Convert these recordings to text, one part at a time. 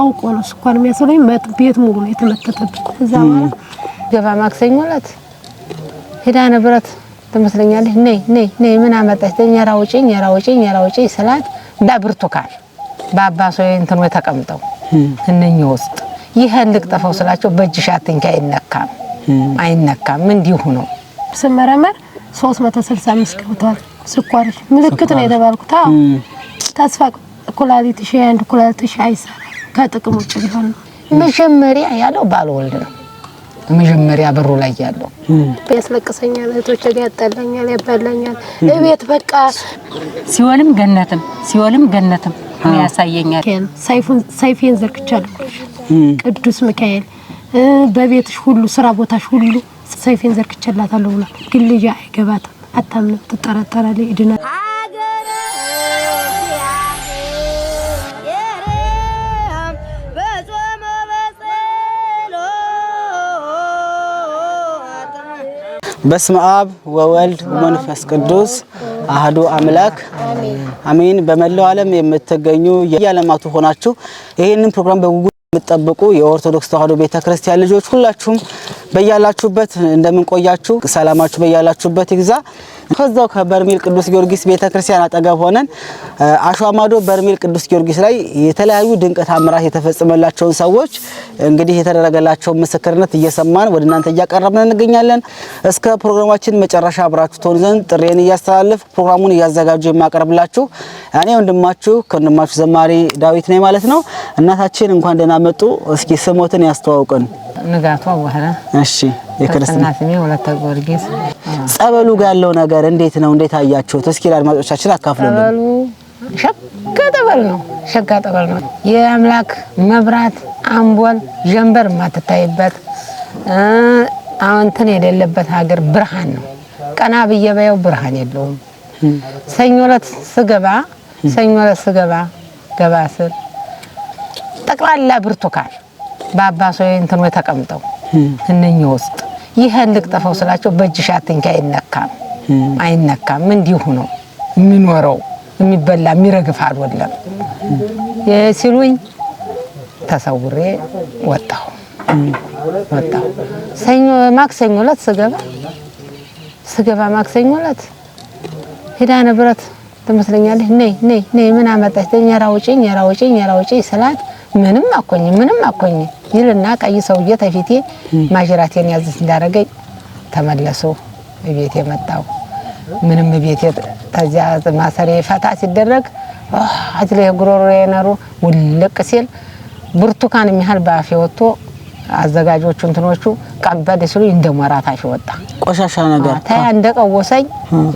አውቆ ነው ስኳር የሚያስለኝ ቤት ሙሉ ነው የተመተተብኝ። እዛ በኋላ ገባ ማክሰኞ ዕለት ሄዳ ንብረት ትመስለኛለች። ነይ ነይ ነይ ምን አመጣች? ኧረ አውጪኝ፣ ኧረ አውጪኝ፣ ኧረ አውጪኝ ስላት እንዳ ብርቱካን በአባሶ እንትኑ ተቀምጠው ትንኝ ውስጥ ይሄን ልቅጠፈው ስላቸው በእጅሽ አትንኪ፣ አይነካም፣ አይነካም እንዲሁ ነው። ስመረመር 365 ገብቷል ስኳር ምልክት ነው የተባልኩት። ተስፋ ኩላሊትሽ የአንድ ኩላሊትሽ አይሰራም ከጥቅም ውጭ መጀመሪያ ያለው ባልወልድ ነው። መጀመሪያ በሩ ላይ ያለው ያስለቅሰኛል፣ እህቶች ጋር ያጣላኛል፣ ያባላኛል። እቤት በቃ ሲኦልም ገነትም ሲኦልም ገነትም ያሳየኛል። ሰይፌን ዘርግቻለሁ። ቅዱስ ሚካኤል በቤትሽ ሁሉ ስራ ቦታሽ ሁሉ ሰይፌን ዘርግቼላታለሁ ብሏል። ግን ልጅ አይገባትም፣ አታምንም፣ ትጠራጠራለች፣ ይድናል በስመ አብ ወወልድ ወመንፈስ ቅዱስ አህዱ አምላክ አሜን። በመላው ዓለም የምትገኙ የዓለማቱ ሆናችሁ ይህንን ፕሮግራም በጉጉ የምትጠብቁ የኦርቶዶክስ ተዋሕዶ ቤተክርስቲያን ልጆች ሁላችሁም በያላችሁበት እንደምንቆያችሁ ሰላማችሁ በያላችሁበት ይግዛ። ከዛው ከበርሜል ቅዱስ ጊዮርጊስ ቤተክርስቲያን አጠገብ ሆነን አሸዋማዶ በርሜል ቅዱስ ጊዮርጊስ ላይ የተለያዩ ድንቅ ታምራት የተፈጸመላቸውን ሰዎች እንግዲህ የተደረገላቸውን ምስክርነት እየሰማን ወደ እናንተ እያቀረብን እንገኛለን። እስከ ፕሮግራማችን መጨረሻ አብራችሁ ትሆኑ ዘንድ ጥሬን እያስተላለፍ ፕሮግራሙን እያዘጋጁ የሚያቀርብላችሁ እኔ ወንድማችሁ ከወንድማችሁ ዘማሪ ዳዊት ነኝ ማለት ነው። እናታችን እንኳን ደህና መጡ። እስኪ ስሞትን ያስተዋውቀን። ንጋቱ አዋህላ። እሺ የክርስትና ስሜ ወለተ ጊዮርጊስ። ጸበሉ ጋር ያለው ነገር እንዴት ነው? እንዴት አያችሁት? እስኪ ለአድማጮቻችን አካፍሉልን። ጸበሉ ሸጋ ጠበል ነው። ሸጋ ጠበል ነው። የአምላክ መብራት አምቦል ጀንበር የማትታይበት አዎንትን የሌለበት ሀገር ብርሃን ነው። ቀና ብዬ ብርሃን የለውም። ሰኞ ዕለት ስገባ ሰኞ ዕለት ስገባ ገባ ስል ጠቅላላ ብርቱካን በአባሶ እንትኖ ተቀምጠው እነኚህ ውስጥ ይህን ልቅጠፈው ስላቸው በእጅሽ አትንኪ አይነካም አይነካም። እንዲሁ ነው የሚኖረው የሚበላ የሚረግፍ አልወለም ሲሉኝ ተሰውሬ ወጣሁ ወጣሁ። ሰኞ ማክሰኞ ዕለት ስገባ ስገባ ማክሰኞ ዕለት ሄዳ ንብረት ትመስለኛለች። ነይ ነይ ነይ ምን አመጣች? ኧረ አውጪኝ ኧረ አውጪኝ ኧረ አውጪኝ ስላት ምንም አኮኝ ምንም አኮኝ ይልና ቀይ ሰውዬ ተፊቴ ማጅራቴን ያዝስ እንዳደረገኝ ተመለሱ። ቤት የመጣው ምንም ቤት ተዚያ ማሰሪያ ፈታ ሲደረግ አጅለ የጉሮሮ የነሩ ውልቅ ሲል ብርቱካን የሚያህል በአፌ ወጥቶ አዘጋጆቹ እንትኖቹ ቀበድ ሲሉ እንደ ሞራት ወጣ። ቆሻሻ ነገር ታያ እንደ ቀወሰኝ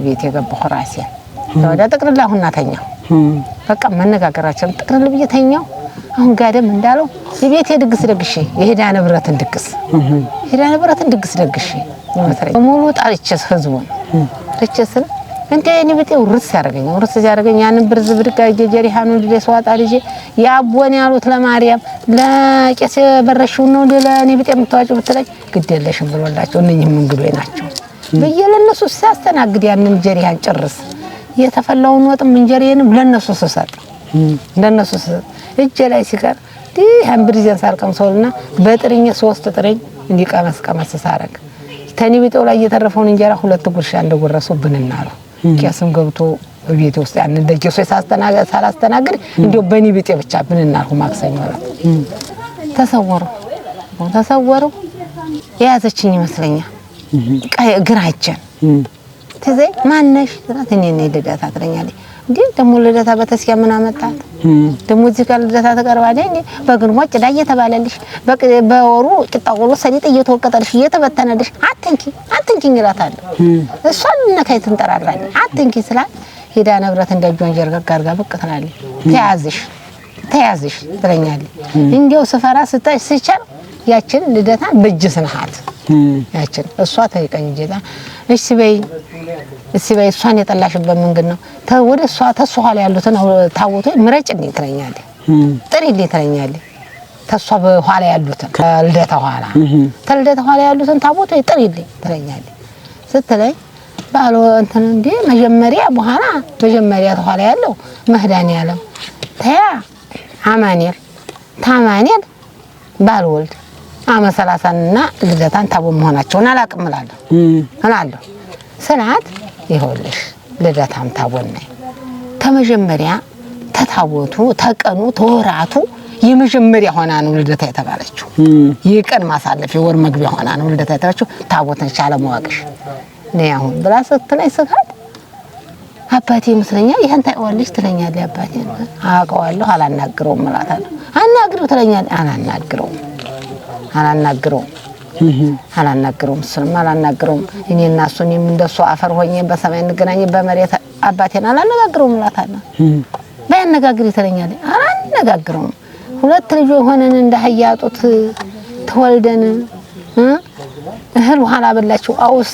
ቤት የገባሁ ራሴ ወደ ጥቅልላ ሁና ተኛሁ። በቃ መነጋገራችን ጥቅልል ብዬ ተኛሁ። አሁን ጋደም እንዳለው የቤት የድግስ ደግሼ የሄዳ ንብረትን ድግስ ሄዳ ንብረትን ድግስ ደግሼ ይመስለኝ በሙሉ ጣልቼስ ህዝቡን ጣልቼስ እንደ እኔ ብጤ ውርስ ያደረገኝ ውርስ ያደረገኝ ያንን ብርዝ ብድግ አድርጌ ጀሪሃኑን ልጄ ሰዋጣ ልጄ የአቦን ያሉት ለማርያም ለቄስ የበረሽውን ነው ለእኔ ብጤ የምታዋጭው ብትለኝ ግድ የለሽም ብሎላቸው እነኝህም እንግዶይ ናቸው ብዬ ለእነሱ ሲያስተናግድ ያንን ጀሪሃን ጭርስ የተፈላውን ወጥም እንጀሬንም ለነሱ ስሰጥ ለነሱ ስሰጥ እጄ ላይ ሲቀር ይህ አንብሪዘን ሳልቀምሰውና በጥርኝ ሶስት ጥርኝ እንዲቀመስ ቀመስ ሳረግ ተኒ ቢጦ ላይ እየተረፈውን እንጀራ ሁለት ጉርሻ እንደጎረሱ ብንና ነው ቄስም ገብቶ ቤት ውስጥ ያን እንደ ቄሶ ሳላስተናግድ እንዲያው በኒ ቢጤ ብቻ ብንና ነው ማክሰኞ ዕለት ተሰወሩ ተሰወሩ የያዘችኝ ይመስለኛል። ግራችን ትዜ ማነሽ ትላት እኔ ልደታ ትለኛለች። እንዲህ ደግሞ ልደታ በተስኪያ ምን አመጣት ለሙዚቃ ልደታ ተቀርባለኝ በግንቦት ጭዳ እየተባለልሽ በወሩ ቂጣቁሎ ሰሊጥ እየተወቀጠልሽ እየተበተነልሽ አትንኪ አትንኪ እንላታለን። እሷን ነካይ ትንጠራራለች። አትንኪ ስላል ሄዳ ንብረት እንደጇን ጀርገግ አድርጋ ብቅ ትላለች። ተያዝሽ ተያዝሽ ትለኛለች። እንዲያው ስፈራ ስጠሽ ስቻል ያችን ልደታ በእጅ ስንሃት ያችን እሷ ተይቀኝ ጌታ እሺ በይ እሺ በይ እሷን የጠላሽበት መንገድ ነው። ወደ እሷ ተሷ ኋላ ያሉትን ታቦቶ ምረጭልኝ ትለኛለች፣ እንዴ ትለኛለች። ተሷ በኋላ ያሉትን ልደታ ኋላ ተልደታ ኋላ ያሉትን ጥሪ እንዴ ትለኛለች ስትለኝ ባሎ እንትን እንዴ መጀመሪያ በኋላ መጀመሪያ ተኋላ ያለው መህዳን ያለው ተያ አማኑኤል ታማኑኤል ባልወልድ አመት ሰላሳንና ልደታን ታቦ መሆናቸውን አላቅም እላለሁ እላለሁ ስላት ይኸውልሽ ልደታም ታቦን ነኝ ከመጀመሪያ ተታቦቱ ተቀኑ ተወራቱ የመጀመሪያ ሆና ነው ልደታ የተባለችው። ይህ ቀን ማሳለፍ የወር መግቢያ ሆና ነው ልደታ የተባለችው። ታቦትን ቻለ መዋቅሽ አሁን ብላ ስትለኝ ስፋት አባቴ ይመስለኛል ይህን ትለኛለች። አባቴ አውቀዋለሁ አላናግረውም እላታለሁ። አናግረው ትለኛለች። አላናግረውም አላናግረውም አላናግረውም እሱንም አላናግረውም። እኔ እና እሱ እኔም እንደሱ አፈር ሆኜ በሰማይ እንገናኝ በመሬት አባቴን አላነጋግረውም እላታለሁ። ባያነጋግር ትለኛለች። አላነጋግረውም። ሁለት ልጆ ሆነን እንደ አህያ ጡት ተወልደን እህል ውሃ ላበላችሁ አውስ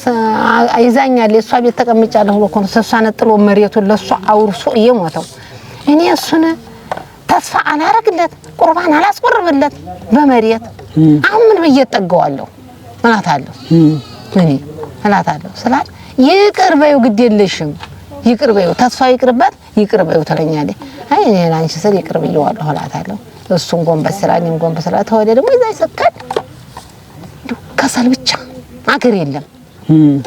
ይዛኛል እሷ ቤት ተቀምጫለሁ ብሎ እኮ ነው እሷ ነጥሎ መሬቱን ለእሷ አውርሶ እየሞተው እኔ እሱን ተስፋ አላረግለት፣ ቁርባን አላስቆርብለት በመሬት አሁን ምን ብዬ እጠገዋለሁ? እላታለሁ እኔ እላታለሁ ስላት ይቅር በይው ግድ የለሽም ይቅር በይው ተስፋ ይቅርበት ይቅር በይው ትለኛለች። አይ እኔ ለአንቺ ስል ይቅር ብየዋለሁ እላታለሁ። እሱን ጎንበስ ስላ እኔም ጎንበስ ስላ ተወደ ደግሞ ይዛ ይሰካል ከሰል ብቻ አገር የለም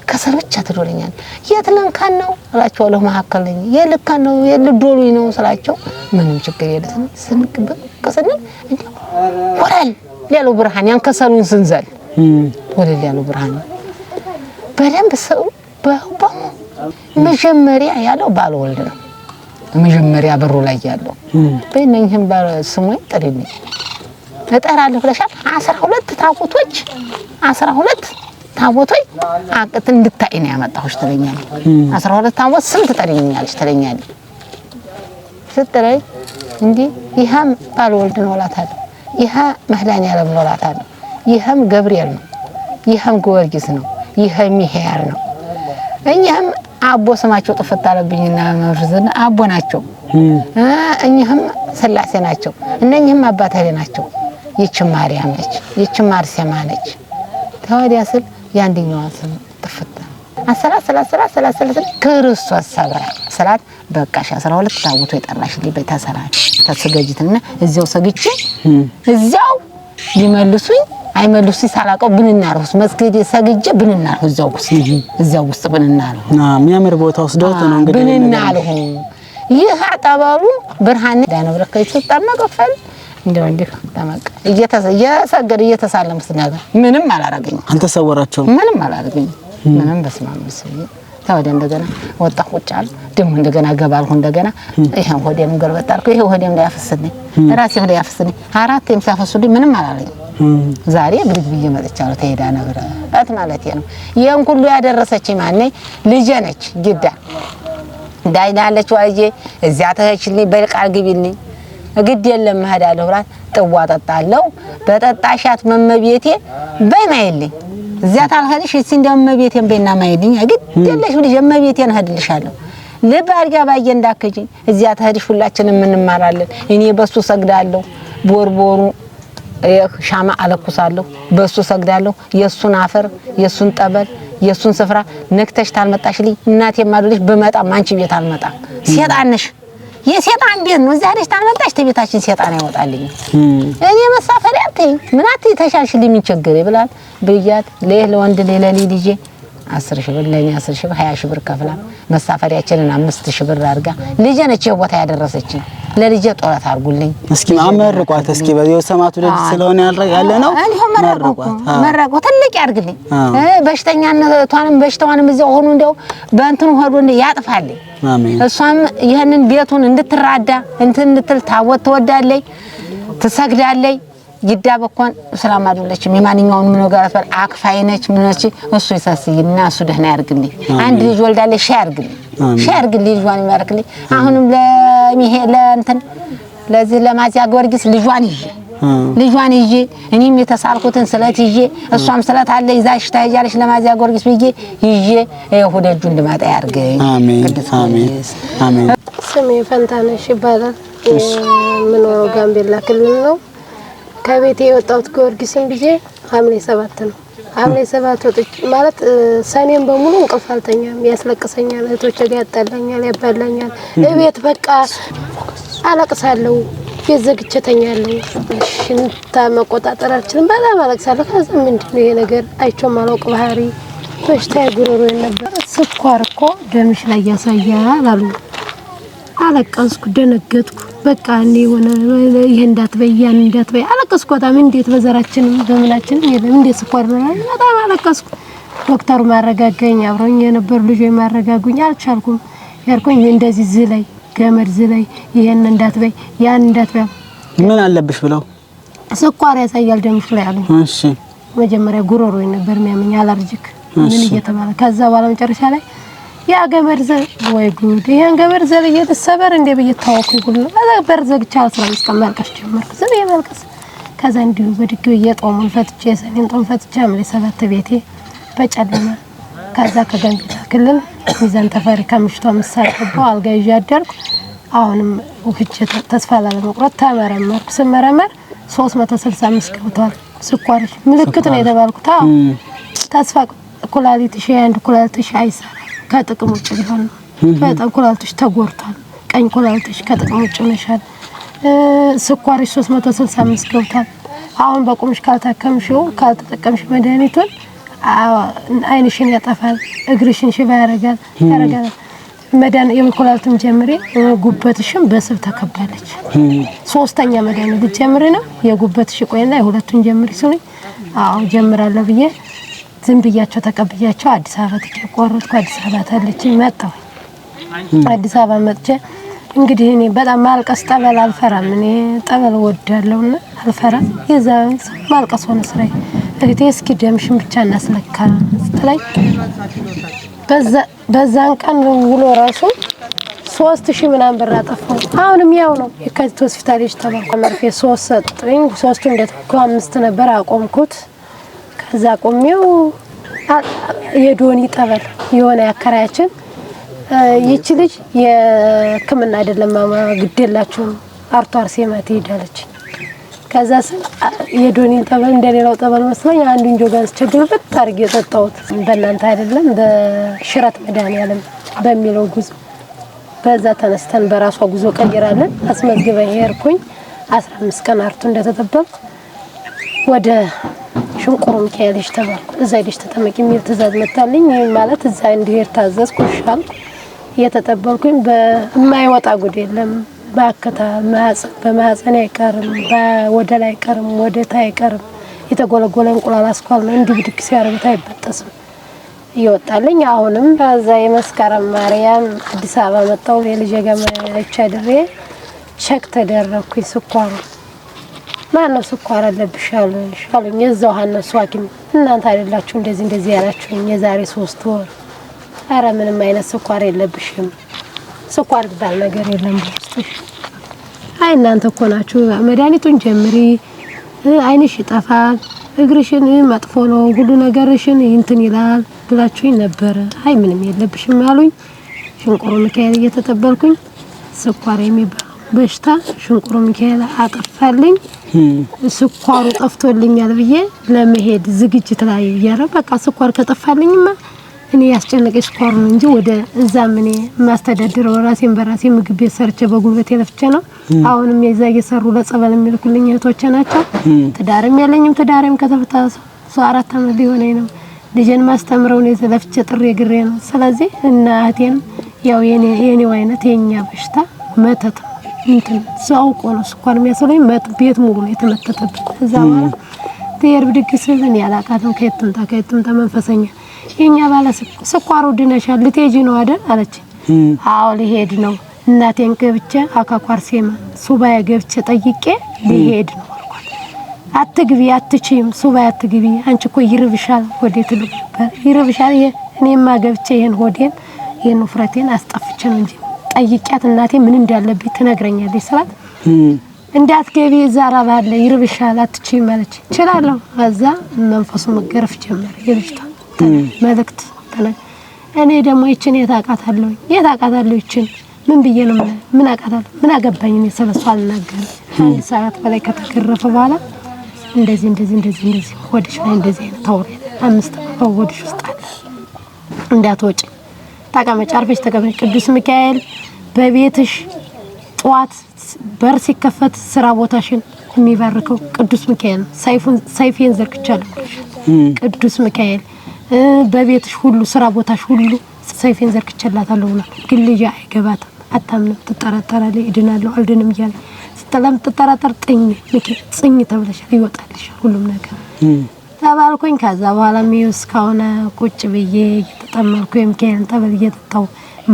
ከሰል ብቻ ትዶለኛል። የት ልንካን ነው እላቸዋለሁ። መካከል ነኝ የልካን ነው የልዶሉኝ ነው ስላቸው ምንም ችግር የለትም ስንቅ በቀሰልን እንዲ ወላል ያለው ብርሃን ያን ከሰሉን ስንዘል ወለል ያለው ብርሃን በደንብ ሰው በሁባሙ መጀመሪያ ያለው ባልወልድ ነው። መጀመሪያ በሩ ላይ ያለው በእነኝህም ስሙኝ ጥሪልኝ እጠራለሁ ብለሻል። አስራ ሁለት ታቦቶች አስራ ሁለት ታቦቶይ አቅት እንድታይ ነው ያመጣሁሽ ትለኛለች። አስራ ሁለት ታቦት ስንት ትጠሪኛለች ትለኛለች ስትለኝ እንዲህ ይህም ባልወልድ ነው እላታለሁ። ይህ መድኃኒዓለም ነው እላታለሁ። ይህም ገብርኤል ነው፣ ይህም ጊዮርጊስ ነው፣ ይህም ሚካኤል ነው። እኛም አቦ ስማቸው ጥፍት አለብኝና መርዝና አቦ ናቸው። እኚህም ስላሴ ናቸው። እነኚህም አባታሌ ናቸው። ይች ማርያም ነች፣ ይች ማርሴማ ነች። ተወዲያ ስል የአንደኛዋ ስም ጥፍት አሰላስላ አሰላስላ ክርስቶስ ሰብራ ስላት በቃሽ አስራ ሁለት ታቦቱ የጠራሽልኝ ቤት ተሰራች ተስገጅትና እዚያው ሰግቼ እዚያው ሊመልሱኝ አይመልሱ ሳላውቀው ብንናር ውስጥ ሰግጄ ብንናር እዛው ውስጥ እዛው ውስጥ ብንናር የሚያምር ቦታ ውስጥ ደውቶ ነው እንግዲህ ብንናር ይህ አጠበሉ ብርሃን ዳነብረከ ይተጣመቀፈል እንደው እንዲህ ተመቀ እየሰገደ እየተሳለም ስናገር ምንም አላረገኝም። አልተሰወራቸውም። ምንም አላረገኝም። ምንም በስመ አብ ወልድ ተወደ እንደገና ወጣ ቁጭ አለ። ደግሞ እንደገና ገባልሁ። እንደገና ይሄን ሆዴም ገልበጥ አልኩ። ይሄ ሆዴም ላይ ያፈስልኝ፣ ራሴ ላይ ያፈስልኝ። አራት ሲያፈሱልኝ ምንም አላለኝም። ዛሬ ብድግ ብዬ መጥቻለሁ። ተሄዳ ነበር እት ማለት ነው። ይሄን ሁሉ ያደረሰችኝ ማን ልጄ ነች። ግዳ ዳይና ያለችው እዚያ ተሄችልኝ፣ በልቃል ግቢልኝ ግድ የለም እሄዳለሁ ብላት ጥዋ ጠጣለሁ በጠጣሻት መመቤቴ በይ ማይልኝ እዚያ ታልሄድሽ እስቲ እንደው መቤቴን በይና ማይልኝ ግድ የለሽ ብልሽ መቤቴን እሄድልሻለሁ ልብ አድርጋ ባየ እንዳከጂ እዚያ ተሄድሽ ሁላችንም እንማራለን። እኔ በሱ ሰግዳለሁ፣ ቦርቦሩ ሻማ አለኩሳለሁ፣ በሱ ሰግዳለሁ። የሱን አፈር፣ የሱን ጠበል፣ የሱን ስፍራ ነክተሽ ታልመጣሽልኝ እናቴ ማዶልሽ በመጣም አንቺ ቤት አልመጣም። ሴጣንሽ የሴጣን ቤት ነው። እዚያ ደሽ ታመጣሽ ተቤታችን ሴጣን ያወጣልኝ። እኔ መሳፈሪያ አትይኝ ምን አትይ ተሻልሽልኝ የሚቸገር ብላል ብያት ለይህ ለወንድ ለሌሊ ልጄ አስር ሺህ ብር ለእኔ አስር ሺህ ብር ሀያ ሺህ ብር ከፍላ መሳፈሪያችንን አምስት ሺህ ብር አድርጋ ልጄ ነች ቦታ ያደረሰችኝ። ለልጄ ጦረት አድርጉልኝ እስኪ አመርቋት። እስኪ በዚህ ሰማቱ ልጅ ስለሆነ ያለ ነው መረቋት። ትልቅ ያድርግልኝ። በሽተኛነቷንም በሽተዋንም እዚያው ሆኑ እንደው በእንትኑ ሆዶ ያጥፋልኝ። እሷም ይህንን ቤቱን እንድትራዳ እንትን እንድትል ታወት ትወዳለይ፣ ትሰግዳለይ ጅዳ በኳን ሰላም አይደለችም። የማንኛውን ምን ጋር ፈር አክፋይ ነች ምን ነች እሱ ይሳስይና እሱ ደህና ያርግልኝ። አንድ ልጅ ወልዳለች ሻ ያርግልኝ፣ ሻ ያርግልኝ፣ ልጇን ይማርክልኝ። አሁንም ለሚሄ ለእንትን ለዚህ ለማዚያ ጊዮርጊስ ልጇን ይዤ ልጇን ይዤ እኔም የተሳልኩትን ስለት ይዤ እሷም ስለት አለ ይዛ ሽታ ይዣለሽ ለማዚያ ጊዮርጊስ ብዬ ይዤ ወደ እጁ እንድመጣ ያድርገኝ። ስሜ ፈንታነሽ ይባላል። የምኖረው ጋምቤላ ክልል ነው። ከቤት የወጣሁት ጊዮርጊስን ጊዜ ሐምሌ ሰባት ነው። ሐምሌ ሰባት ወጥቼ ማለት ሰኔም በሙሉ እንቅልፍ አልተኛም። ያስለቅሰኛል፣ እህቶቼ ጋር ያጣላኛል፣ ያባላኛል። እቤት በቃ አለቅሳለሁ፣ ቤት ዘግቼ እተኛለሁ። ሽንታ መቆጣጠር አልችልም፣ በጣም አለቅሳለሁ። ከዛ ምንድን ነው ይሄ ነገር አይቼውም አላውቅ ባህሪ በሽታ ጉሮሮ ነበር። ስኳር እኮ ደምሽ ላይ ያሳያል አሉ። አለቀስኩ፣ ደነገጥኩ። በቃ እንደ ሆነ ይሄ እንዳትበይ ያን እንዳትበይ አለቀስኳታም። እንዴት በዘራችን በምናችንም ይሄ እንዴት ስኳር ነው በጣም አለቀስኩ። ዶክተሩ ማረጋገኝ አብረውኝ የነበሩ ልጆች ማረጋጉኝ። አልቻልኩም ያልኩኝ እንደዚህ ዝ ላይ ገመድ ዝ ላይ ይሄን እንዳትበይ ያን እንዳትበይ። ምን አለብሽ ብለው ስኳር ያሳያል ደምሽ ላይ አሉ። እሺ መጀመሪያ ጉሮሮ ነበር የሚያመኝ አለርጂክ ምን እየተባለ ከዛ በኋላ መጨረሻ ላይ ያ ገበር ዘር ወይ ጉድ! ይሄን ገበር ዘር እየተሰበር እንደ በየታወቁ ይጉል አዛ በር ዘግቻ አስራ አምስት ቀን ማልቀስ ጀመርኩ። ዝም ብዬ ማልቀስ ከዛ እንዲሁ በድግ እየጦሙን ፈትቼ የሰኔን ጦም ፈትቼ ሐምሌ ሰባት ቤቴ በጨለማ ከዛ ከጋምቤላ ክልል ሚዛን ተፈሪ ከምሽቱ አምስት አልጋ ይዤ አደርኩ። አሁንም ውህጅ ተስፋ ላለመቁረጥ ተመረመርኩ። ስመረመር 365 ገብቷል። ስኳር ምልክት ነው የተባልኩት። ተስፋ ኩላሊትሽ የአንድ ኩላሊትሽ አይሰራ ከጥቅም ውጭ ሊሆን ነው። በጣም ኩላሊትሽ ተጎድቷል። ቀኝ ኩላሊትሽ ከጥቅም ውጭ ሆነሻል። ስኳርሽ 365 ገብቷል። አሁን በቁምሽ ካልታከምሽው ካልተጠቀምሽ መድኃኒቱን አይንሽን ያጠፋል፣ እግርሽን ሽባ ያደርጋል ያደርጋል። መድኃኒት የኩላሊትም ጀምሬ ጉበትሽም በስብ ተከባለች። ሶስተኛ መድኃኒት ጀምሬ ነው የጉበትሽ ቆይና የሁለቱን ጀምሪ ሲሉኝ አዎ ጀምራለሁ ብዬ ዝም ብያቸው ተቀብያቸው አዲስ አበባ ትኬ ቆረጥኩ። አዲስ አበባ ተልቼ መጣሁ። አዲስ አበባ መጥቼ እንግዲህ እኔ በጣም ማልቀስ ጠበል አልፈራም። እኔ ጠበል ወዳለውና አልፈራም። የዛ ማልቀስ ሆነ ስራዬ። እህቴ እስኪ ደምሽን ብቻ እናስለካ ስትለኝ በዛን ቀን ውሎ ራሱ ሶስት ሺህ ምናምን ብር አጠፋሁ። አሁንም ያው ነው። የካቲት ሆስፒታል ተባልኩ። መርፌ ሶስት ሰጡኝ። ሶስቱ እንደተኩ አምስት ነበር አቆምኩት። ከዛ ቆሜው የዶኒ ጠበል የሆነ ያከራያችን ይቺ ልጅ የሕክምና አይደለም ማማ ግዴላችሁም አርቶ አርሴማ ትሄዳለች። ከዛ ስል የዶኒን ጠበል እንደሌላው ጠበል መስለኝ አንዱን ጆጋ አስቸግርበት አርግ የጠጣሁት በእናንተ አይደለም በሽረት መድኃኒዓለም በሚለው ጉዞ በዛ ተነስተን በራሷ ጉዞ ቀይራለን አስመዝግበ ሄርኩኝ አስራ አምስት ቀን አርቱ እንደተጠበብ ወደ ሽንቁሩ ሚካኤል ከያለሽ ተባል እዛ ልጅ ተጠመቂ የሚል ትእዛዝ መታልኝ። ይህ ማለት እዛ እንድሄድ ታዘዝ ኩሻል እየተጠበልኩኝ በማይወጣ ጉድ የለም በአከታ በማህፀን አይቀርም፣ ወደ ላይ አይቀርም፣ ወደ ታ አይቀርም። የተጎለጎለ እንቁላል አስኳል ነው እንዲህ ብድግ ሲያደርጉት አይበጠስም ይወጣልኝ። አሁንም በዛ የመስከረም ማርያም አዲስ አበባ መጣሁ። የልጄ ገመቻ ድሬ ቸክ ተደረግኩኝ ስኳሩ ማነው ስኳር አለብሽ አሉኝ። የዛው ሐኪም እናንተ አይደላችሁ እንደዚህ እንደዚህ ያላችሁኝ የዛሬ ሶስት ወር። አረ ምንም አይነት ስኳር የለብሽም፣ ስኳር ባል ነገር የለም አይ እናንተ እኮ ናችሁ መድኃኒቱን ጀምሪ፣ አይንሽ ይጠፋል፣ እግርሽን መጥፎ ነው፣ ሁሉ ነገርሽን እንትን ይላል ብላችሁኝ ነበረ። አይ ምንም የለብሽም አሉኝ። ሽንቁሩ ሚካኤል እየተጠበልኩኝ ስኳር የሚባል በሽታ ሽንቁሩ ሚካኤል አጠፋልኝ፣ ስኳሩ ጠፍቶልኛል ብዬ ለመሄድ ዝግጅት ላይ እያረ በቃ ስኳር ከጠፋልኝማ እኔ ያስጨነቀ ስኳር ነው እንጂ ወደ እዛ ምን የማስተዳድረው ራሴን በራሴ ምግብ ቤት ሰርቼ በጉልበት የለፍቼ ነው። አሁንም የዛ እየሰሩ ለጸበል የሚልኩልኝ እህቶቼ ናቸው። ትዳርም ያለኝም ትዳሬም ከተፈታ ሰው አራት አመት ሊሆነኝ ነው። ልጄን ማስተምረው ነው ዘለፍቼ ጥሬ ግሬ ነው። ስለዚህ እና እህቴን ያው የኔው አይነት የኛ በሽታ መተት ነው እንትን ሲያውቆ ነው ስኳር የሚያሰለኝ ቤት ሙሉ ነው የተመተተብኝ። እዛ በኋላ ትሄድ ብድግ ስል እኔ አላውቃትም። ከየት ትምጣ ከየት ትምጣ መንፈሰኛ የኛ ባለ ስኳር ድነሻል ልትሄጂ ነው አይደል አለች። አዎ ልሄድ ነው እናቴን ገብቼ አካኳር ሴማ ሱባኤ ገብቼ ጠይቄ ልሄድ ነው አልኳት። አትግቢ አትችይም ሱባኤ አትግቢ አንቺ እኮ ይርብሻል ወዴት ትልቅ ነበር ይርብሻል። እኔማ ገብቼ ይህን ሆዴን ይህን ውፍረቴን አስጠፍቼ ነው እንጂ ጠይቂያት እናቴ ምን እንዳለብኝ ትነግረኛለች ስላት እንዳትገቢ እዛ ራብ አለ ይርብሻል አትችይም አለች። እችላለሁ ከዛ መንፈሱ መገረፍ ጀመረ። የልጅቷ መልእክት እኔ ደግሞ ይችን የት አውቃታለሁ የት አውቃታለሁ ይችን ምን ብዬ ነው ምን አውቃታለሁ ምን አገባኝ እኔ ስለሷ አልናገርም። አንድ ሰዓት በላይ ከተገረፈ በኋላ እንደዚህ እንደዚህ እንደዚህ እንደዚህ ሆድሽ ላይ እንደዚህ አይነት ታውሪ አምስት ሆድሽ ውስጥ አለ እንዳትወጪ ተቀመጭ፣ አርፈሽ ተቀመጭ ቅዱስ ሚካኤል በቤትሽ ጠዋት በር ሲከፈት ስራ ቦታሽን የሚባርከው ቅዱስ ሚካኤል ነው። ሰይፌን ዘርግቻለሁ ቅዱስ ሚካኤል በቤትሽ ሁሉ ስራ ቦታሽ ሁሉ ሰይፌን ዘርግቼላታለሁ ብሏል። ግን ልጅ አይገባትም፣ አታምንም፣ ትጠራጠራለች። እድናለሁ አልድንም እያለ ስትለም ትጠራጠር ጥኝ ሚካኤል ጥኝ ተብለሻል፣ ይወጣልሻል ሁሉም ነገር ተባልኩኝ። ከዛ በኋላ እስካሁን ቁጭ ብዬ እየተጠመልኩ የሚካኤልን ጠበል እየጠጣሁ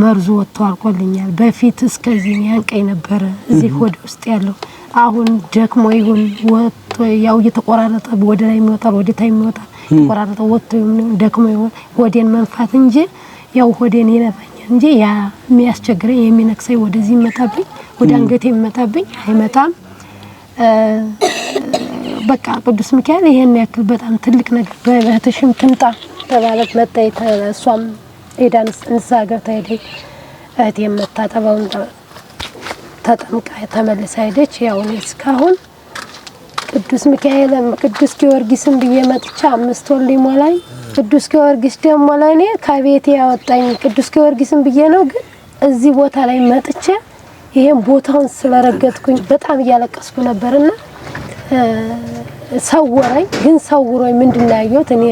መርዙ ወጥቶ አልቆልኛል። በፊት እስከዚህ ያንቀኝ ነበረ እዚህ ሆድ ውስጥ ያለው አሁን ደክሞ ይሁን ወጥቶ ያው እየተቆራረጠ ወደ ላይ የሚወጣል ወደ ታች የሚወጣል ቆራረጠ ወጥቶ ደክሞ ይሁን ሆዴን መንፋት እንጂ ያው ሆዴን ይነፋኛል እንጂ ያ የሚያስቸግረኝ የሚነክሰኝ ወደዚህ ይመጣብኝ ወደ አንገቴ የሚመጣብኝ አይመጣም። በቃ ቅዱስ ሚካኤል ይሄን ያክል በጣም ትልቅ ነገር በእህትሽም ትምጣ ተባለት መጣ እሷም ሄዳ እንስሳ ገብታ ሄደች። እህቴ የምታጠባውን ተጠምቃ ተመልሳ ሄደች። ያው እኔ እስካሁን ቅዱስ ሚካኤልም ቅዱስ ጊዮርጊስም ብዬ መጥቻ አምስት ወር ሊሞላኝ፣ ቅዱስ ጊዮርጊስ ደግሞ ለእኔ ከቤቴ ያወጣኝ ቅዱስ ጊዮርጊስም ብዬ ነው። ግን እዚህ ቦታ ላይ መጥቼ ይሄን ቦታውን ስለረገጥኩኝ በጣም እያለቀስኩ ነበርና ሰወረኝ። ግን ሰውሮኝ ምንድን ነው ያየሁት እኔ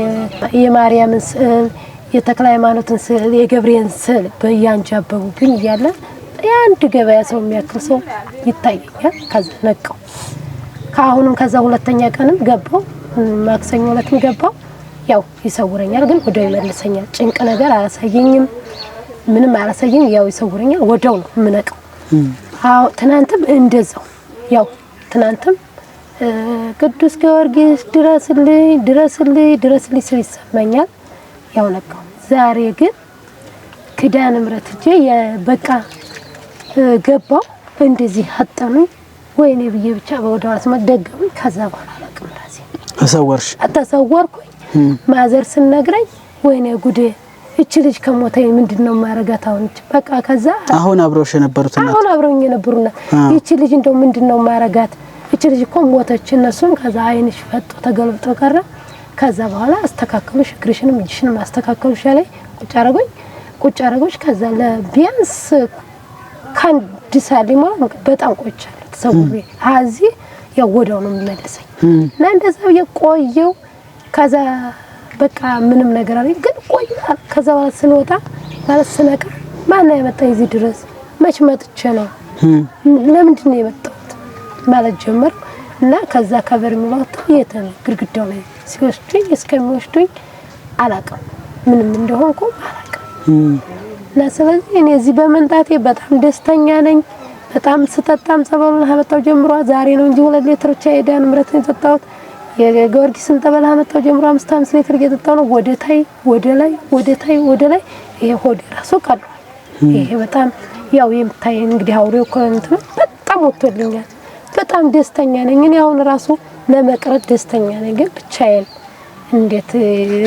የማርያምን ስዕል የተክለ ሃይማኖትን ስዕል፣ የገብርኤን ስዕል በእያንጃበቡ ግን እያለ የአንድ ገበያ ሰው የሚያክል ሰው ይታየኛል። ከዛ ነቀው ከአሁኑም ከዛ ሁለተኛ ቀንም ገባው ማክሰኞ ዕለትም ገባው። ያው ይሰውረኛል፣ ግን ወደው ይመልሰኛል። ጭንቅ ነገር አላሳየኝም፣ ምንም አላሳየኝ። ያው ይሰውረኛል፣ ወደው ነው የምነቀው። አዎ ትናንትም እንደዛው ያው ትናንትም ቅዱስ ጊዮርጊስ ድረስልኝ፣ ድረስልኝ፣ ድረስልኝ ስል ይሰማኛል። ያው ነቃው። ዛሬ ግን ክዳን ምረት እጄ በቃ ገባው እንደዚህ አጠኑኝ ወይኔ ብዬ ብቻ በወደዋ ስመት ከዛ በኋላ አላውቅም ራሴ ተሰወርሽ ተሰወርኩኝ። ማዘር ስነግረኝ ወይኔ ጉዴ እቺ ልጅ ከሞተ ምንድን ነው ማረጋት? አሁን በቃ ከዛ አሁን አብረውሽ የነበሩት እናት አሁን አብረውኝ የነበሩና እቺ ልጅ እንደው ምንድን ነው ማረጋት? እቺ ልጅ እኮ ሞተች። እነሱም ከዛ አይንሽ ፈጦ ተገልብጦ ቀረ ከዛ በኋላ አስተካከሉሽ፣ እግርሽንም እጅሽንም አስተካከሉሽ ያለኝ ቁጭ አረጎኝ ቁጭ አረጎች። ከዛ ለቢያንስ ከአንድ ሳሌ ማለት በጣም ቆይቻለሁ። ተሰውሬ እዚህ ያው ወዲያው ነው የሚመልሰኝ እና እንደዛ ብዬ ቆየው። ከዛ በቃ ምንም ነገር አለ ግን ቆይ። ከዛ በኋላ ስንወጣ ማለት ስነቃ ማን ያመጣኝ እዚህ ድረስ? መች መጥቼ ነው ለምንድን ነው የመጣሁት ማለት ጀመርኩ እና ከዛ ከበር የሚለው የት ነው ግድግዳው ላይ ሲወስዱኝ እስከሚወስዱኝ አላቅም፣ ምንም እንደሆንኩ አላቅም። እና ስለዚህ እኔ እዚህ በመምጣቴ በጣም ደስተኛ ነኝ። በጣም ስጠጣም ጸበሉን አመጣው ጀምሮ ዛሬ ነው እንጂ ሁለት ሌትር ብቻ የዳን ምረት የጠጣሁት የጊዮርጊስን ጠበል አመጣው ጀምሮ አምስት አምስት ሌትር እየጠጣሁ ነው። ወደ ታይ ወደ ላይ ወደ ታይ ወደ ላይ ይሄ ሆዴ ራሱ ቀሏል። ይሄ በጣም ያው የምታይ እንግዲህ አውሬው ከንት በጣም ወጥቶልኛል። በጣም ደስተኛ ነኝ እኔ አሁን ራሱ ለመቅረት ደስተኛ ነኝ፣ ግን ብቻዬን እንዴት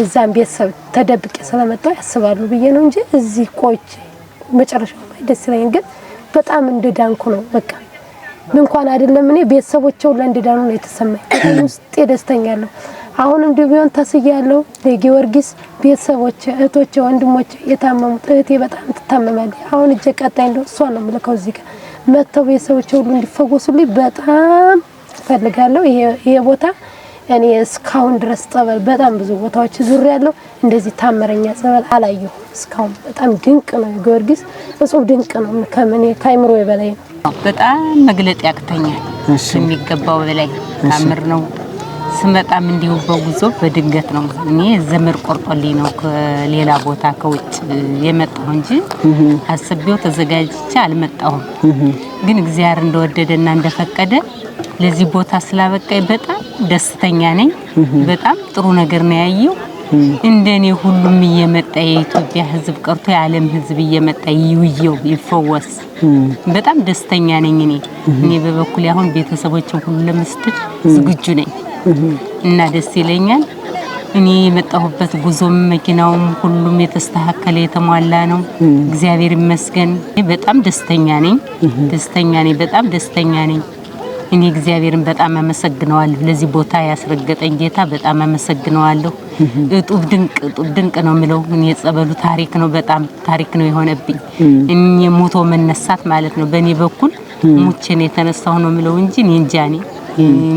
እዛም ቤተሰብ ተደብቄ ስለመጣሁ ያስባሉ ብዬ ነው እንጂ እዚህ ቆይቼ መጨረሻው ላይ ደስ ይለኛል። ግን በጣም እንደዳንኩ ነው በቃ እንኳን አይደለም እኔ ቤተሰቦቼ ሁላ እንደዳኑ ነው የተሰማኝ። ውስጤ ደስተኛ ያለሁ አሁንም ቢሆን ታስያለሁ። ለጊዮርጊስ ቤተሰቦቼ፣ እህቶቼ፣ ወንድሞቼ የታመሙት እህቴ በጣም ትታመማለች። አሁን እጄ ቀጣይ እንደው እሷን ነው የምልከው እዚህ ጋር መጥተው ቤተሰቦቼ ሁሉ እንዲፈወሱልኝ በጣም ፈልጋለሁ። ይሄ ቦታ እኔ እስካሁን ድረስ ጸበል በጣም ብዙ ቦታዎች ዙር ያለው እንደዚህ ታምረኛ ጸበል አላየሁ እስካሁን። በጣም ድንቅ ነው ጊዮርጊስ እጹብ ድንቅ ነው። ከምን ከአይምሮ በላይ ነው። በጣም መግለጥ ያቅተኛል። የሚገባው በላይ ታምር ነው። ስመጣም እንዲሁ በጉዞ በድንገት ነው። እኔ ዘመድ ቆርጦልኝ ነው ከሌላ ቦታ ከውጭ የመጣሁ እንጂ አስቤው ተዘጋጅቼ አልመጣሁም። ግን እግዚአብሔር እንደወደደና እንደፈቀደ ለዚህ ቦታ ስላበቃኝ በጣም ደስተኛ ነኝ። በጣም ጥሩ ነገር ነው ያየው። እንደኔ ሁሉም እየመጣ የኢትዮጵያ ሕዝብ ቀርቶ የዓለም ሕዝብ እየመጣ ይውየው ይፈወስ። በጣም ደስተኛ ነኝ። እኔ እኔ በበኩል አሁን ቤተሰቦችን ሁሉ ለመስጠት ዝግጁ ነኝ እና ደስ ይለኛል። እኔ የመጣሁበት ጉዞም መኪናውም ሁሉም የተስተካከለ የተሟላ ነው። እግዚአብሔር ይመስገን። በጣም ደስተኛ ነኝ። ደስተኛ ነኝ። በጣም ደስተኛ ነኝ። እኔ እግዚአብሔርን በጣም አመሰግነዋለሁ። ለዚህ ቦታ ያስረገጠኝ ጌታ በጣም አመሰግነዋለሁ። እጡብ ድንቅ እጡብ ድንቅ ነው የምለው እኔ የጸበሉ ታሪክ ነው። በጣም ታሪክ ነው የሆነብኝ እኔ ሞቶ መነሳት ማለት ነው። በእኔ በኩል ሙቼን ነው የተነሳሁ ነው የምለው እንጂ እኔ እንጃ እኔ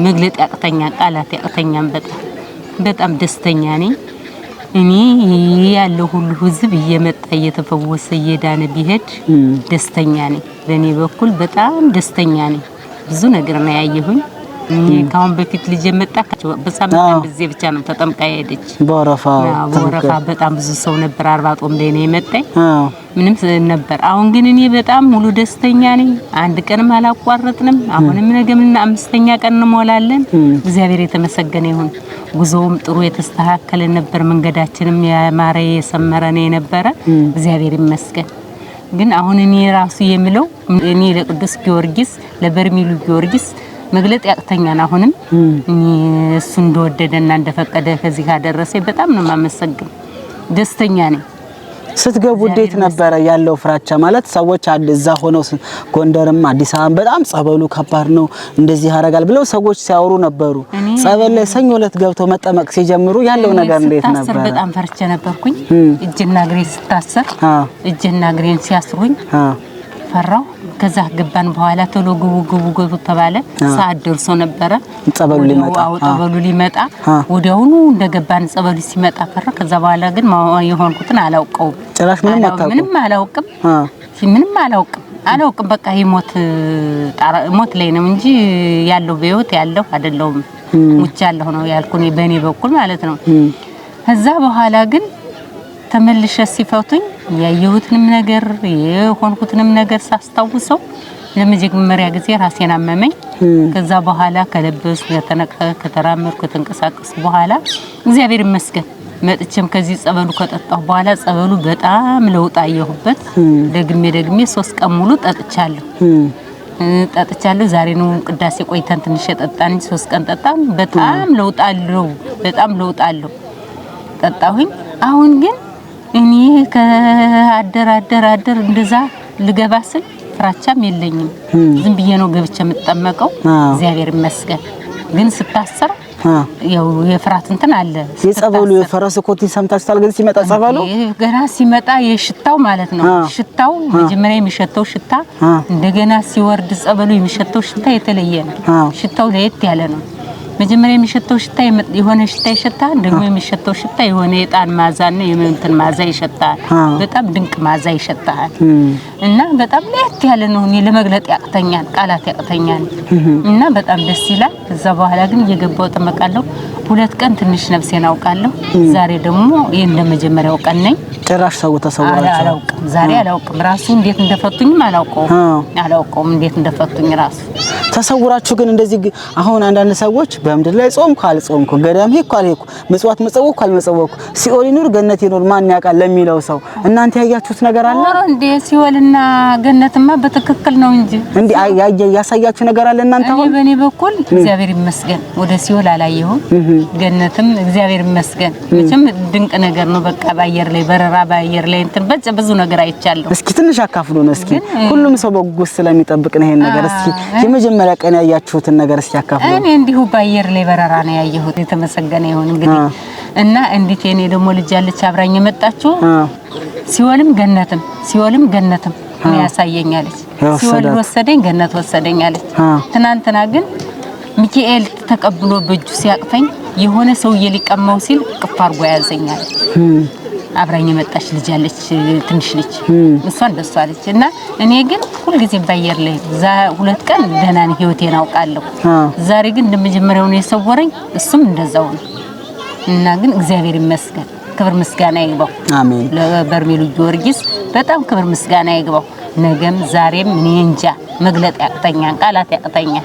መግለጥ ያቅተኛ ቃላት ያቅተኛም። በጣም በጣም ደስተኛ ነኝ። እኔ ያለው ሁሉ ህዝብ እየመጣ እየተፈወሰ እየዳነ ቢሄድ ደስተኛ ነኝ። በእኔ በኩል በጣም ደስተኛ ነኝ። ብዙ ነገር ነው ያየሁኝ። ከአሁን በፊት ልጅ የመጣካቸው በሳምንት ጊዜ ብቻ ነው ተጠምቃ ሄደች። በወረፋ በወረፋ በጣም ብዙ ሰው ነበር። አርባ ጦም ላይ ነው የመጣኝ ምንም ነበር። አሁን ግን እኔ በጣም ሙሉ ደስተኛ ነኝ። አንድ ቀንም አላቋረጥንም። አሁንም ነገምና አምስተኛ ቀን እንሞላለን። እግዚአብሔር የተመሰገነ ይሁን። ጉዞውም ጥሩ የተስተካከለ ነበር። መንገዳችንም ያማረ የሰመረ ነው የነበረ። እግዚአብሔር ይመስገን። ግን አሁን እኔ ራሱ የምለው እኔ ለቅዱስ ጊዮርጊስ ለበርሚሉ ጊዮርጊስ መግለጥ ያቅተኛል። አሁንም እሱ እንደወደደና እንደፈቀደ ከዚህ ካደረሰ በጣም ነው የማመሰግን። ደስተኛ ነኝ። ስትገቡ እንዴት ነበረ ያለው ፍራቻ? ማለት ሰዎች እዛ ሆነው ጎንደርም አዲስ አበባ በጣም ጸበሉ ከባድ ነው እንደዚህ ያደርጋል ብለው ሰዎች ሲያወሩ ነበሩ። ጸበል ላይ ሰኞ ዕለት ገብተው መጠመቅ ሲጀምሩ ያለው ነገር እንዴት ነበረ? በጣም ፈርቼ ነበርኩኝ። እጅና እግሬ ስታሰር እጅና እግሬን ሲያስሩኝ ፈራው። ከዛ ገባን በኋላ ቶሎ ግቡ ግቡ ግቡ ተባለ። ሰዓት ደርሶ ነበረ። ጸበሉ ሊመጣ አዎ ጸበሉ ሊመጣ ወዲያውኑ እንደገባን ጸበሉ ሲመጣ ፈራ። ከዛ በኋላ ግን የሆንኩትን አላውቀውም። ጭራሽ ምንም አታውቅም? ምንም አላውቅም። ምንም አላውቅም አላውቅም። በቃ ጣራ ሞት ላይ ነው እንጂ ያለው በህይወት ያለው አይደለሁም። ሙቻ ያለሁ ነው ያልኩኝ በእኔ በኩል ማለት ነው። ከዛ በኋላ ግን ተመልሼ ሲፈቱኝ ያየሁትንም ነገር የሆንኩትንም ነገር ሳስታውሰው ለመጀመሪያ ጊዜ ራሴን አመመኝ። ከዛ በኋላ ከለበሱ ከተነቀ ከተራመድኩ ከተንቀሳቀሱ በኋላ እግዚአብሔር ይመስገን መጥቼም ከዚህ ጸበሉ ከጠጣሁ በኋላ ጸበሉ በጣም ለውጥ አየሁበት። ደግሜ ደግሜ ሶስት ቀን ሙሉ ጠጥቻለሁ ጠጥቻለሁ። ዛሬ ነው ቅዳሴ ቆይተን ትንሽ የጠጣን እንጂ ሶስት ቀን ጠጣም። በጣም ለውጥ አለው፣ በጣም ለውጥ አለው። ጠጣሁኝ። አሁን ግን እኔ ከአደር አደር አደር እንደዛ ልገባ ስል ፍራቻም የለኝም። ዝም ብዬ ነው ገብቼ የምጠመቀው። እግዚአብሔር ይመስገን። ግን ስታሰር ያው የፍራት እንትን አለ። የጸበሉ የፈረስ ኮቲ ሰምታችኋል። ግን ሲመጣ ጸበሉ ገና ሲመጣ የሽታው ማለት ነው። ሽታው መጀመሪያ የሚሸተው ሽታ እንደገና ሲወርድ ጸበሉ የሚሸተው ሽታ የተለየ ነው። ሽታው ለየት ያለ ነው። መጀመሪያ የሚሸተው ሽታ የሆነ ሽታ ይሸታል። ደግሞ የሚሸተው ሽታ የሆነ የጣን ማዛና የምንትን ማዛ ይሸታል። በጣም ድንቅ ማዛ ይሸታል እና በጣም ለየት ያለ ነው። እኔ ለመግለጥ ያቅተኛል፣ ቃላት ያቅተኛል እና በጣም ደስ ይላል። ከዛ በኋላ ግን እየገባው ጠመቃለሁ። ሁለት ቀን ትንሽ ነፍሴን አውቃለሁ። ዛሬ ደግሞ ይሄ እንደመጀመሪያው ቀን ነኝ። ጭራሽ ሰው ተሰውራቸው አላውቅም። ዛሬ አላውቅም። ራሱ እንዴት እንደፈቱኝም አላውቀውም አላውቀውም እንዴት እንደፈቱኝ ራሱ ተሰውራችሁ። ግን እንደዚህ አሁን አንዳንድ ሰዎች በምድር ላይ ጾም ካልጾምኩ ገዳም ሄድኩ አልሄድኩ ምጽዋት መጸወቅኩ አልመጸወቅኩ ሲኦል ይኑር ገነት ይኑር ማን ያውቃል ለሚለው ሰው እናንተ ያያችሁት ነገር አለ እንዴ? ሲኦልና ገነትማ በትክክል ነው እንጂ እንዴ ያሳያችሁ ነገር አለ እናንተ? አሁን በእኔ በኩል እግዚአብሔር ይመስገን ወደ ሲኦል አላየሁም፣ ገነትም እግዚአብሔር ይመስገን መቼም ድንቅ ነገር ነው። በቃ በአየር ላይ በረራ በአየር ላይ እንትን በጭ ብዙ ነገር አይቻለሁ። እስኪ ትንሽ አካፍሉን እስኪ ሁሉም ሰው በጉጉት ስለሚጠብቅ ነው ይሄን ነገር። እስኪ የመጀመሪያ ቀን ያያችሁትን ነገር እስኪ አካፍሉን። እኔ እንዲሁ ባየ አየር ላይ በረራ ነው ያየሁት። የተመሰገነ ይሁን እንግዲህ እና እንዴት የኔ ደግሞ ልጅ ያለች አብራኝ የመጣችው ሲወልም ገነትም ሲወልም ገነትም ነው ያሳየኛለች። ሲወል ወሰደኝ፣ ገነት ወሰደኛለች። ትናንትና ግን ሚካኤል ተቀብሎ በእጁ ሲያቅፈኝ የሆነ ሰውዬ ሊቀማው ሲል ቅፍ አድርጎ ያዘኛለች። አብራኝ የመጣች ልጅ አለች፣ ትንሽ ልጅ እሷ ደሷ አለች። እና እኔ ግን ሁልጊዜ ባየር ላይ ዛ ሁለት ቀን ደህና ነኝ ህይወቴን አውቃለሁ። ዛሬ ግን እንደመጀመሪያው ነው የሰወረኝ፣ እሱም እንደዛው ነው። እና ግን እግዚአብሔር ይመስገን፣ ክብር ምስጋና ይግባው። አሜን። ለበርሜሉ ጊዮርጊስ በጣም ክብር ምስጋና ይግባው። ነገም ዛሬም እኔ እንጃ መግለጥ ያቅተኛል፣ ቃላት ያቅተኛል።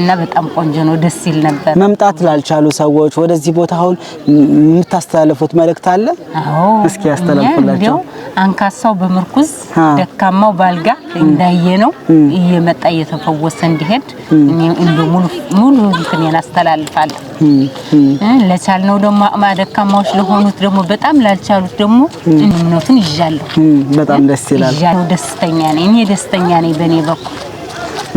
እና በጣም ቆንጆ ነው፣ ደስ ይል ነበር። መምጣት ላልቻሉ ሰዎች ወደዚህ ቦታ አሁን የምታስተላልፉት መልእክት አለ? አዎ፣ እስኪ ያስተላልፉላቸው። አንካሳው በምርኩዝ ደካማው ባልጋ እንዳየ ነው እየመጣ እየተፈወሰ እንዲሄድ እንደ ሙሉ እንትን ያስተላልፋለሁ። ለቻልነው ደግሞ አቅማ ደካማዎች ለሆኑት ደግሞ በጣም ላልቻሉት ደግሞ እምነቱን ይዣለሁ። በጣም ደስ ይላል። ደስተኛ ነኝ እኔ ደስተኛ ነኝ በእኔ በኩል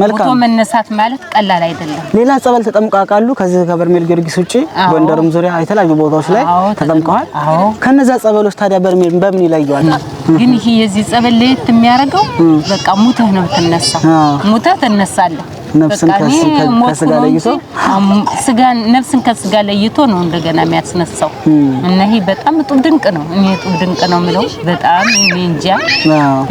ፎቶ መነሳት ማለት ቀላል አይደለም። ሌላ ጸበል ያውቃሉ ከዚህ ከበርሜል ጊዮርጊስ ውጪ ጎንደርም ዙሪያ የተለያዩ ቦታዎች ላይ ተጠምቀዋል። ከነዛ ጸበሎች ታዲያ በርሜል በምን ይለየዋል? ግን ይሄ የዚህ ጸበል ለየት የሚያደርገው በቃ ሙተህ ነው የምትነሳው። ሙተህ ትነሳለህ። ነፍስን ከስጋ ለይቶ ነፍስን ከስጋ ለይቶ ነው እንደገና የሚያስነሳው እና ይሄ በጣም እጡብ ድንቅ ነው። እኔ እጡብ ድንቅ ነው የምለው በጣም እኔ እንጃ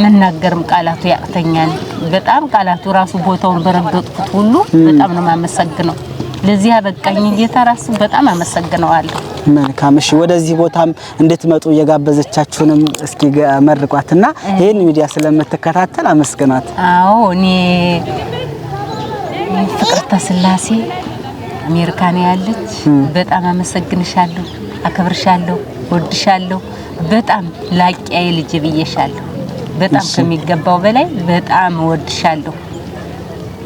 መናገርም ቃላቱ ያቅተኛል። በጣም ቃላቱ ራሱ ቦታውን በረገጥኩት ሁሉ በጣም ነው የማመሰግነው። ለዚህ አበቃኝ ጌታ ራሱ በጣም አመሰግነዋለሁ። መልካም እሺ። ወደዚህ ቦታም እንድትመጡ የጋበዘቻችሁንም እስኪ መርቋትና ይህን ሚዲያ ስለምትከታተል አመስግናት። አዎ እኔ ፍቅርተ ስላሴ አሜሪካ ነው ያለች። በጣም አመሰግንሻለሁ፣ አከብርሻለሁ፣ ወድሻለሁ። በጣም ላቂያዬ ልጅ ብዬሻለሁ። በጣም ከሚገባው በላይ በጣም ወድሻለሁ።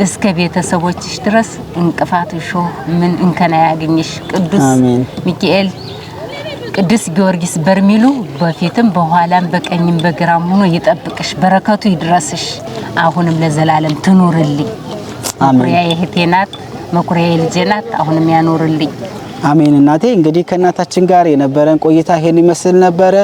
እስከ ቤተሰቦችሽ ድረስ እንቅፋት ሾ ምን እንከና ያገኝሽ ቅዱስ ሚካኤል ቅዱስ ጊዮርጊስ በርሚሉ በፊትም በኋላም በቀኝም በግራም ሆኖ ይጠብቅሽ፣ በረከቱ ይድረስሽ፣ አሁንም ለዘላለም ትኖርልኝ መኩሪያ የእህቴ መኩሪያ የልጄ ናት፣ አሁንም ያኖርልኝ። አሜን። እናቴ እንግዲህ ከእናታችን ጋር የነበረን ቆይታ ይሄን ይመስል ነበረ።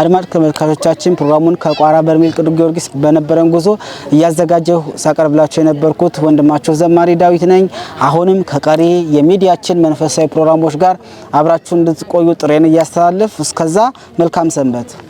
አድማጭ ተመልካቾቻችን ፕሮግራሙን ከቋራ በርሜል ቅዱስ ጊዮርጊስ በነበረን ጉዞ እያዘጋጀሁ ሳቀርብላቸው የነበርኩት ወንድማቸው ዘማሪ ዳዊት ነኝ። አሁንም ከቀሪ የሚዲያችን መንፈሳዊ ፕሮግራሞች ጋር አብራችሁ እንድትቆዩ ጥሬን እያስተላልፍ እስከዛ መልካም ሰንበት